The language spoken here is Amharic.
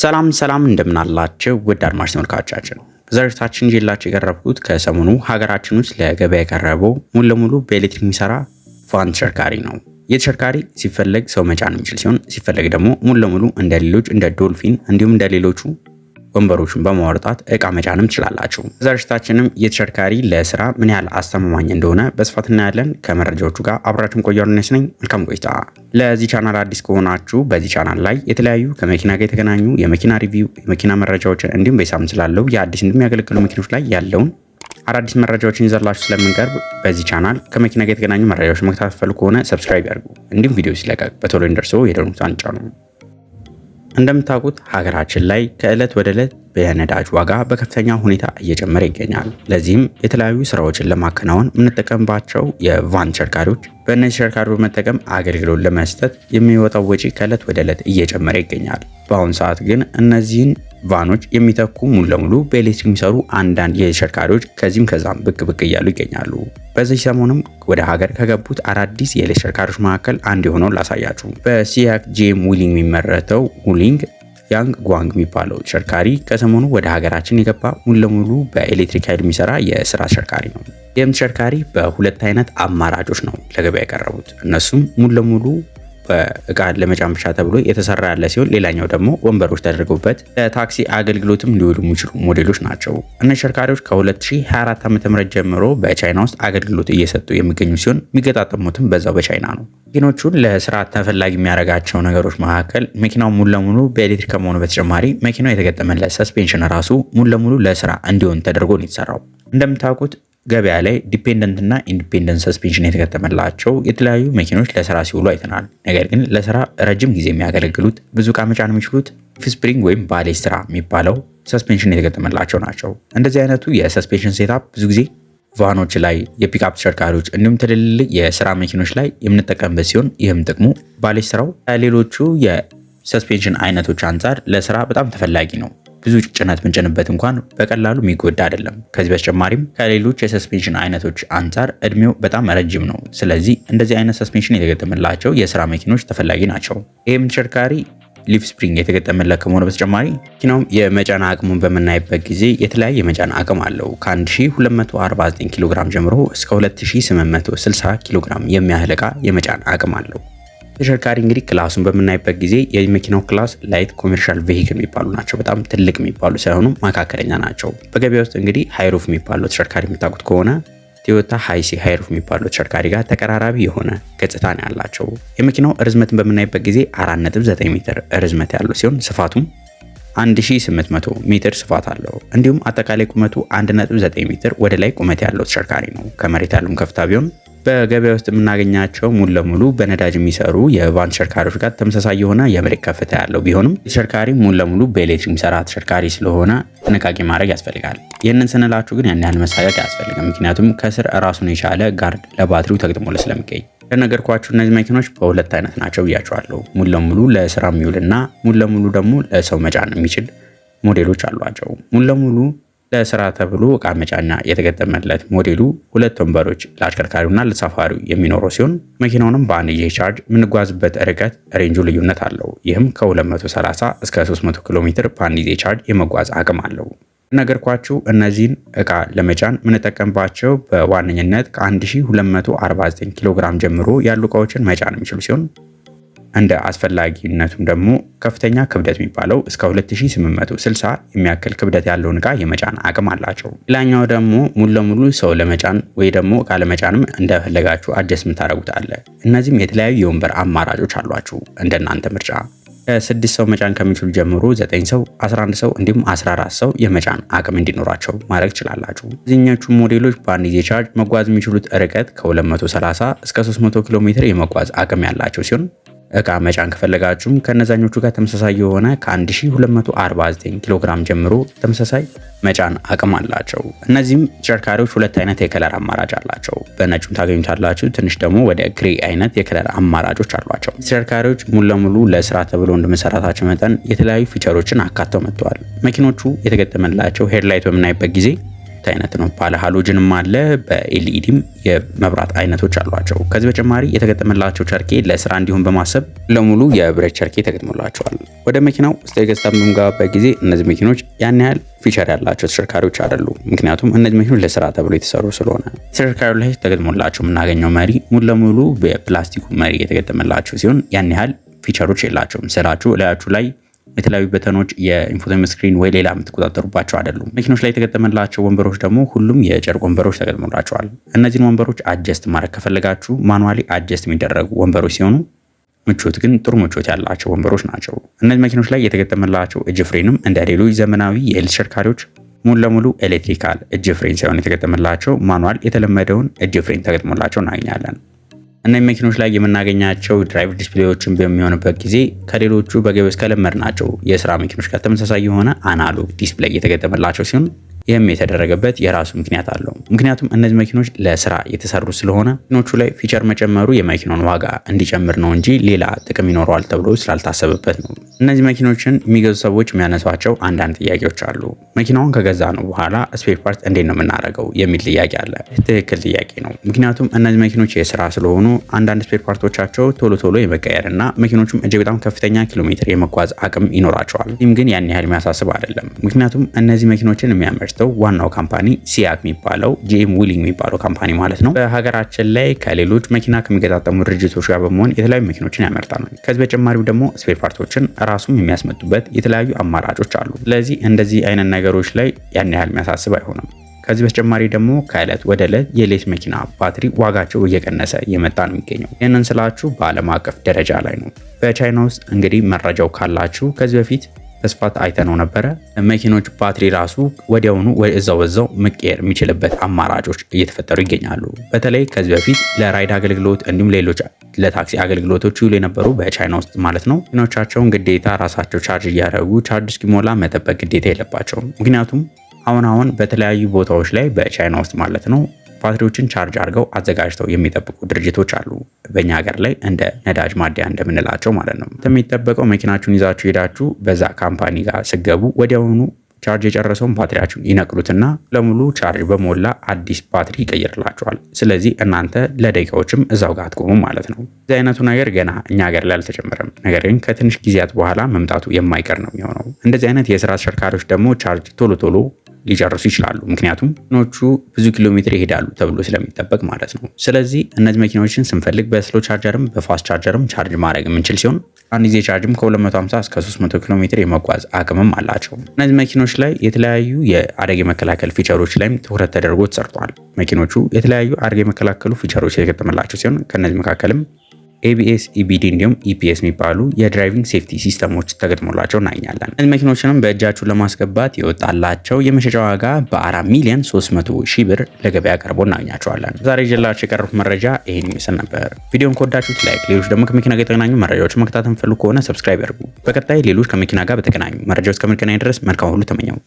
ሰላም ሰላም እንደምናላቸው ውድ አድማጭ ተመልካቾቻችን ዘርታችን ይዤላችሁ የቀረብኩት ከሰሞኑ ሀገራችን ውስጥ ለገበያ የቀረበው ሙሉ ለሙሉ በኤሌክትሪክ የሚሰራ ፋን ተሽከርካሪ ነው። የተሽከርካሪ ሲፈለግ ሰው መጫን የሚችል ሲሆን ሲፈለግ ደግሞ ሙሉ ለሙሉ እንደ ሌሎች እንደ ዶልፊን እንዲሁም እንደ ሌሎቹ ወንበሮቹን በመወርጣት እቃ መጫንም ትችላላችሁ። ዘርሽታችንም የተሽከርካሪ ለስራ ምን ያህል አስተማማኝ እንደሆነ በስፋት እናያለን። ከመረጃዎቹ ጋር አብራችን ቆዩ። ነኝ። መልካም ቆይታ። ለዚህ ቻናል አዲስ ከሆናችሁ በዚህ ቻናል ላይ የተለያዩ ከመኪና ጋር የተገናኙ የመኪና ሪቪው፣ የመኪና መረጃዎችን እንዲሁም በሳም ስላለው የአዲስ እንደሚያገለግሉ መኪኖች ላይ ያለውን አዳዲስ መረጃዎችን ይዘላችሁ ስለምንቀርብ በዚህ ቻናል ከመኪና ጋር የተገናኙ መረጃዎች መከታተል ከሆነ ሰብስክራይብ ያድርጉ። እንዲሁም ቪዲዮ ሲለቀቅ በቶሎ እንደርሶ የደኑታን ነው። እንደምታውቁት ሀገራችን ላይ ከዕለት ወደ ዕለት የነዳጅ ዋጋ በከፍተኛ ሁኔታ እየጨመረ ይገኛል። ለዚህም የተለያዩ ስራዎችን ለማከናወን የምንጠቀምባቸው የቫን ተሽከርካሪዎች በእነዚህ ተሽከርካሪ በመጠቀም አገልግሎት ለመስጠት የሚወጣው ወጪ ከዕለት ወደ ዕለት እየጨመረ ይገኛል። በአሁኑ ሰዓት ግን እነዚህን ቫኖች የሚተኩ ሙሉ ለሙሉ በኤሌክትሪክ የሚሰሩ አንዳንድ የተሽከርካሪዎች ከዚህም ከዛም ብቅ ብቅ እያሉ ይገኛሉ። በዚህ ሰሞንም ወደ ሀገር ከገቡት አዳዲስ የኤሌክትሪክ ተሽከርካሪዎች መካከል አንድ የሆነውን ላሳያችሁ። በሲያክ ጄም ዊሊንግ የሚመረተው ሁሊንግ ያንግ ጓንግ የሚባለው ተሽከርካሪ ከሰሞኑ ወደ ሀገራችን የገባ ሙሉ ለሙሉ በኤሌክትሪክ ኃይል የሚሰራ የስራ ተሽከርካሪ ነው። ይህም ተሽከርካሪ በሁለት አይነት አማራጮች ነው ለገበያ የቀረቡት። እነሱም ሙሉ ለሙሉ በእቃ ለመጫመቻ ተብሎ የተሰራ ያለ ሲሆን ሌላኛው ደግሞ ወንበሮች ተደርገውበት ለታክሲ አገልግሎትም ሊውሉ የሚችሉ ሞዴሎች ናቸው። እነዚህ ሸርካሪዎች ከ2024 ዓ ም ጀምሮ በቻይና ውስጥ አገልግሎት እየሰጡ የሚገኙ ሲሆን የሚገጣጠሙትም በዛው በቻይና ነው። መኪኖቹን ለስራ ተፈላጊ የሚያደርጋቸው ነገሮች መካከል መኪናው ሙሉ ለሙሉ በኤሌክትሪክ ከመሆኑ በተጨማሪ መኪናው የተገጠመለት ሰስፔንሽን ራሱ ሙሉ ለሙሉ ለስራ እንዲሆን ተደርጎ ነው የተሰራው። እንደምታውቁት ገበያ ላይ ዲፔንደንት እና ኢንዲፔንደንት ሰስፔንሽን የተገጠመላቸው የተለያዩ መኪኖች ለስራ ሲውሉ አይተናል። ነገር ግን ለስራ ረጅም ጊዜ የሚያገለግሉት ብዙ ዕቃ መጫን የሚችሉት ፊስፕሪንግ ወይም ስራ የሚባለው ሰስፔንሽን የተገጠመላቸው ናቸው። እንደዚህ አይነቱ የሰስፔንሽን ሴታፕ ብዙ ጊዜ ቫኖች ላይ የፒክአፕ ተሽከርካሪዎች እንዲሁም ትልልቅ የስራ መኪኖች ላይ የምንጠቀምበት ሲሆን ይህም ጥቅሙ ባሌስትራው ከሌሎቹ የሰስፔንሽን አይነቶች አንጻር ለስራ በጣም ተፈላጊ ነው። ብዙ ጭነት ብንጭንበት እንኳን በቀላሉ የሚጎዳ አይደለም። ከዚህ በተጨማሪም ከሌሎች የሰስፔንሽን አይነቶች አንጻር እድሜው በጣም ረጅም ነው። ስለዚህ እንደዚህ አይነት ሰስፔንሽን የተገጠመላቸው የስራ መኪኖች ተፈላጊ ናቸው። ይህም ተሽከርካሪ ሊፍ ስፕሪንግ የተገጠመለት ከመሆኑ በተጨማሪ መኪናውም የመጫን አቅሙን በምናይበት ጊዜ የተለያየ የመጫን አቅም አለው። ከ1249 ኪሎግራም ጀምሮ እስከ 2860 ኪሎግራም ግራም የሚያህል የመጫን አቅም አለው። ተሽከርካሪ እንግዲህ ክላሱን በምናይበት ጊዜ የመኪናው ክላስ ላይት ኮሜርሻል ቬሂክል የሚባሉ ናቸው። በጣም ትልቅ የሚባሉ ሳይሆኑ መካከለኛ ናቸው። በገበያ ውስጥ እንግዲህ ሃይሩፍ የሚባለው ተሽከርካሪ የምታውቁት ከሆነ ቶዮታ ሃይሲ ሃይሩፍ የሚባለው ተሽከርካሪ ጋር ተቀራራቢ የሆነ ገጽታ ነው ያላቸው። የመኪናው ርዝመትን በምናይበት ጊዜ 4.9 ሜትር ርዝመት ያለው ሲሆን ስፋቱም 1800 ሜትር ስፋት አለው። እንዲሁም አጠቃላይ ቁመቱ 1.9 ሜትር ወደ ላይ ቁመት ያለው ተሽከርካሪ ነው። ከመሬት ያለውም ከፍታ ቢሆን በገበያ ውስጥ የምናገኛቸው ሙሉ ለሙሉ በነዳጅ የሚሰሩ የቫን ተሽከርካሪዎች ጋር ተመሳሳይ የሆነ የመሬት ከፍታ ያለው ቢሆንም ተሽከርካሪ ሙሉ ለሙሉ በኤሌክትሪክ የሚሰራ ተሽከርካሪ ስለሆነ ጥንቃቄ ማድረግ ያስፈልጋል። ይህንን ስንላችሁ ግን ያን ያህል መሳቀቅ አያስፈልግም። ምክንያቱም ከስር ራሱን የቻለ ጋርድ ለባትሪው ተግጥሞለ ስለሚገኝ ለነገርኳችሁ እነዚህ መኪኖች በሁለት አይነት ናቸው ብያቸዋለሁ። ሙሉ ለሙሉ ለስራ እና ሙሉ ለሙሉ ደግሞ ለሰው መጫን የሚችል ሞዴሎች አሏቸው። ሙሉ ለሙሉ ለስራ ተብሎ እቃ መጫኛ የተገጠመለት ሞዴሉ ሁለት ወንበሮች ለአሽከርካሪውና ለሳፋሪው የሚኖረው ሲሆን መኪናውንም በአንድ ጊዜ ቻርጅ የምንጓዝበት ርቀት ሬንጁ ልዩነት አለው። ይህም ከ230 እስከ 300 ኪሎ ሜትር በአንድ ጊዜ ቻርጅ የመጓዝ አቅም አለው። ነገርኳችሁ እነዚህን እቃ ለመጫን የምንጠቀምባቸው በዋነኝነት ከ1249 ኪሎ ግራም ጀምሮ ያሉ እቃዎችን መጫን የሚችሉ ሲሆን እንደ አስፈላጊነቱም ደግሞ ከፍተኛ ክብደት የሚባለው እስከ 2860 የሚያክል ክብደት ያለውን እቃ የመጫን አቅም አላቸው። ሌላኛው ደግሞ ሙሉ ለሙሉ ሰው ለመጫን ወይ ደግሞ እቃ ለመጫንም እንደፈለጋችሁ አጀስ የምታደርጉት አለ። እነዚህም የተለያዩ የወንበር አማራጮች አሏችሁ እንደናንተ ምርጫ። ከስድስት ሰው መጫን ከሚችሉ ጀምሮ ዘጠኝ ሰው፣ 11 ሰው እንዲሁም 14 ሰው የመጫን አቅም እንዲኖራቸው ማድረግ ትችላላችሁ። እዚህኞቹ ሞዴሎች በአንድ ጊዜ ቻርጅ መጓዝ የሚችሉት ርቀት ከ230 እስከ 300 ኪሎ ሜትር የመጓዝ አቅም ያላቸው ሲሆን እቃ መጫን ከፈለጋችሁም ከነዛኞቹ ጋር ተመሳሳይ የሆነ ከ1249 ኪሎ ግራም ጀምሮ ተመሳሳይ መጫን አቅም አላቸው። እነዚህም ተሽከርካሪዎች ሁለት አይነት የከለር አማራጭ አላቸው። በነጩም ታገኙታላችሁ። ትንሽ ደግሞ ወደ ግሬ አይነት የከለር አማራጮች አሏቸው። ተሽከርካሪዎች ሙሉ ለሙሉ ለስራ ተብሎ እንደመሰራታቸው መጠን የተለያዩ ፊቸሮችን አካተው መጥተዋል። መኪኖቹ የተገጠመላቸው ሄድላይት በምናይበት ጊዜ ሁለት አይነት ነው። ባለ ሃሎጅንም አለ በኤልኢዲም የመብራት አይነቶች አሏቸው። ከዚህ በተጨማሪ የተገጠመላቸው ቸርኬ ለስራ እንዲሁም በማሰብ ለሙሉ የብረት ቸርኬ ተገጥሞላቸዋል። ወደ መኪናው ስለ ገጽታ በምንገባበት ጊዜ እነዚህ መኪኖች ያን ያህል ፊቸር ያላቸው ተሽከርካሪዎች አይደሉ። ምክንያቱም እነዚህ መኪኖች ለስራ ተብሎ የተሰሩ ስለሆነ ተሽከርካሪ ላይ ተገጥሞላቸው የምናገኘው መሪ ሙሉ ለሙሉ በፕላስቲኩ መሪ የተገጠመላቸው ሲሆን ያን ያህል ፊቸሮች የላቸውም። ስራችሁ ላያችሁ ላይ የተለያዩ በተኖች የኢንፎቴመንት ስክሪን ወይ ሌላ የምትቆጣጠሩባቸው አይደሉም። መኪኖች ላይ የተገጠመላቸው ወንበሮች ደግሞ ሁሉም የጨርቅ ወንበሮች ተገጥሞላቸዋል። እነዚህን ወንበሮች አጀስት ማድረግ ከፈለጋችሁ ማኑዋሊ አጀስት የሚደረጉ ወንበሮች ሲሆኑ ምቾት ግን ጥሩ ምቾት ያላቸው ወንበሮች ናቸው። እነዚህ መኪኖች ላይ የተገጠመላቸው እጅ ፍሬንም እንደ ሌሎች ዘመናዊ የኤል ተሽከርካሪዎች ሙሉ ለሙሉ ኤሌክትሪካል እጅ ፍሬን ሳይሆን የተገጠመላቸው ማኑዋል የተለመደውን እጅ ፍሬን ተገጥሞላቸው እናገኛለን። እነዚህ መኪኖች ላይ የምናገኛቸው ድራይቭ ዲስፕሌዎችን በሚሆንበት ጊዜ ከሌሎቹ በገበያ ናቸው የስራ መኪኖች ጋር ተመሳሳይ የሆነ አናሎግ ዲስፕሌይ የተገጠመላቸው ሲሆን ይህም የተደረገበት የራሱ ምክንያት አለው። ምክንያቱም እነዚህ መኪኖች ለስራ የተሰሩ ስለሆነ መኪኖቹ ላይ ፊቸር መጨመሩ የመኪናውን ዋጋ እንዲጨምር ነው እንጂ ሌላ ጥቅም ይኖረዋል ተብሎ ስላልታሰበበት ነው። እነዚህ መኪኖችን የሚገዙ ሰዎች የሚያነሷቸው አንዳንድ ጥያቄዎች አሉ። መኪናውን ከገዛ ነው በኋላ ስፔር ፓርት እንዴት ነው የምናደርገው የሚል ጥያቄ አለ። ትክክል ጥያቄ ነው። ምክንያቱም እነዚህ መኪኖች የስራ ስለሆኑ አንዳንድ ስፔር ፓርቶቻቸው ቶሎ ቶሎ የመቀየር እና መኪኖቹም እጅግ በጣም ከፍተኛ ኪሎ ሜትር የመጓዝ አቅም ይኖራቸዋል። ይህም ግን ያን ያህል የሚያሳስብ አይደለም። ምክንያቱም እነዚህ መኪኖችን የሚያመርተው ዋናው ካምፓኒ ሲያክ የሚባለው ጂኤም ዊሊንግ የሚባለው ካምፓኒ ማለት ነው በሀገራችን ላይ ከሌሎች መኪና ከሚገጣጠሙ ድርጅቶች ጋር በመሆን የተለያዩ መኪኖችን ያመርታል። ከዚህ በተጨማሪም ደግሞ ስፔር ፓርቶችን ራሱም የሚያስመጡበት የተለያዩ አማራጮች አሉ። ስለዚህ እንደዚህ አይነት ነገሮች ላይ ያን ያህል የሚያሳስብ አይሆንም። ከዚህ በተጨማሪ ደግሞ ከእለት ወደ ዕለት የሌት መኪና ባትሪ ዋጋቸው እየቀነሰ እየመጣ ነው የሚገኘው። ይህንን ስላችሁ በዓለም አቀፍ ደረጃ ላይ ነው። በቻይና ውስጥ እንግዲህ መረጃው ካላችሁ ከዚህ በፊት በስፋት አይተነው ነበረ። መኪኖች ባትሪ ራሱ ወዲያውኑ እዛው በዛው መቀየር የሚችልበት አማራጮች እየተፈጠሩ ይገኛሉ። በተለይ ከዚህ በፊት ለራይድ አገልግሎት እንዲሁም ሌሎች ለታክሲ አገልግሎቶች ይውሉ የነበሩ በቻይና ውስጥ ማለት ነው መኪኖቻቸውን ግዴታ ራሳቸው ቻርጅ እያደረጉ ቻርጅ እስኪሞላ መጠበቅ ግዴታ የለባቸውም። ምክንያቱም አሁን አሁን በተለያዩ ቦታዎች ላይ በቻይና ውስጥ ማለት ነው ባትሪዎችን ቻርጅ አድርገው አዘጋጅተው የሚጠብቁ ድርጅቶች አሉ። በእኛ ሀገር ላይ እንደ ነዳጅ ማደያ እንደምንላቸው ማለት ነው። የሚጠበቀው መኪናችሁን ይዛችሁ ሄዳችሁ በዛ ካምፓኒ ጋር ስገቡ ወዲያውኑ ቻርጅ የጨረሰውን ባትሪያችሁን ይነቅሉትና ለሙሉ ቻርጅ በሞላ አዲስ ባትሪ ይቀይርላችኋል። ስለዚህ እናንተ ለደቂቃዎችም እዛው ጋር አትቆሙም ማለት ነው። እዚህ አይነቱ ነገር ገና እኛ ሀገር ላይ አልተጀመረም፣ ነገር ግን ከትንሽ ጊዜያት በኋላ መምጣቱ የማይቀር ነው የሚሆነው። እንደዚህ አይነት የስራ አሽከርካሪዎች ደግሞ ቻርጅ ቶሎ ቶሎ ሊጨርሱ ይችላሉ። ምክንያቱም መኪኖቹ ብዙ ኪሎ ሜትር ይሄዳሉ ተብሎ ስለሚጠበቅ ማለት ነው። ስለዚህ እነዚህ መኪናዎችን ስንፈልግ በስሎ ቻርጀርም በፋስት ቻርጀርም ቻርጅ ማድረግ የምንችል ሲሆን አንድ ጊዜ ቻርጅም ከ250 እስከ 300 ኪሎ ሜትር የመጓዝ አቅምም አላቸው። እነዚህ መኪኖች ላይ የተለያዩ የአደጋ መከላከል ፊቸሮች ላይም ትኩረት ተደርጎ ተሰርቷል። መኪኖቹ የተለያዩ አደጋ የመከላከሉ ፊቸሮች የተገጠመላቸው ሲሆን ከእነዚህ መካከልም ኤቢኤስ፣ ኢቢዲ እንዲሁም ኢፒኤስ የሚባሉ የድራይቪንግ ሴፍቲ ሲስተሞች ተገጥሞላቸው እናገኛለን። እነዚህ መኪኖችንም በእጃችሁ ለማስገባት የወጣላቸው የመሸጫ ዋጋ በ4 ሚሊዮን 300 ሺህ ብር ለገበያ ቀርቦ እናገኛቸዋለን። ዛሬ ይዤላችሁ የቀረቡት መረጃ ይህን ይመስል ነበር። ቪዲዮን ከወዳችሁት ላይክ፣ ሌሎች ደግሞ ከመኪና ጋር የተገናኙ መረጃዎች መከታተል ፈልጉ ከሆነ ሰብስክራይብ ያድርጉ። በቀጣይ ሌሎች ከመኪና ጋር በተገናኙ መረጃዎች እስከምንገናኝ ድረስ መልካም ሁሉ ተመኘው።